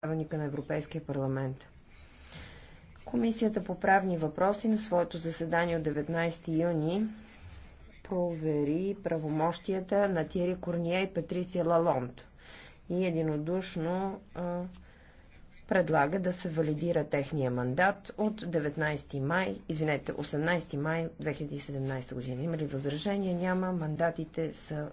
правилника на Европейския парламент. Комисията по правни въпроси на своето заседание от 19 юни провери правомощията на Тири Корния и Патрисия Лалонт и единодушно а, предлага да се валидира техния мандат от 19 май, извинете, 18 май 2017 година. Има ли възражения? Няма. Мандатите са